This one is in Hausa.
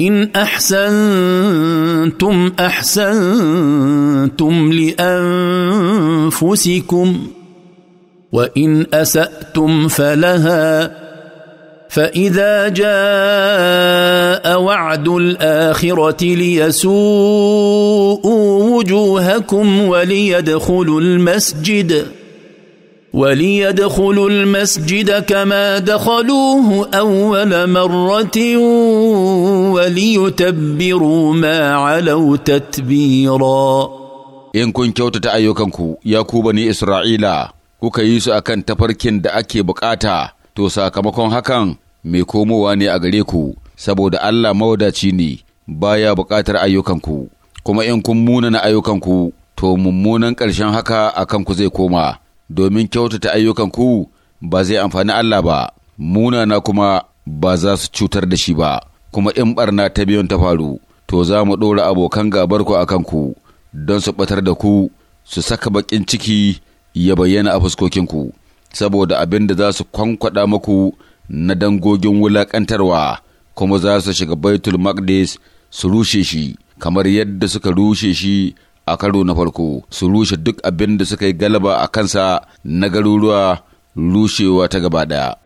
ان احسنتم احسنتم لانفسكم وان اساتم فلها فاذا جاء وعد الاخره ليسوءوا وجوهكم وليدخلوا المسجد وليدخلوا المسجد كما دخلوه اول مره Aliyu ما علوا تتبيرا in kun kyautata ayyukanku ya ku Isra'ila, kuka yi su akan tafarkin da ake bukata, to sakamakon hakan mai komowa ne a gare ku, saboda Allah mawadaci ne baya bukatar ayyukanku, kuma in kun munana ayyukanku, to mummunan ƙarshen haka a kanku zai koma, domin kyautata ayyukanku ba zai amfani Allah ba, munana kuma ba za su cutar da shi ba. kuma in barna ta biyun ta faru to za mu ɗora abokan gabarku a kanku don su ɓatar da ku su saka baƙin ciki ya bayyana a fuskokinku saboda abin da za su kwankwaɗa muku na dangogin wulaƙantarwa kuma za su shiga baitul maqdis su rushe shi kamar yadda suka rushe shi a karo na farko su rushe duk abin da suka yi galaba a kansa na garuruwa rushewa ta gaba ɗaya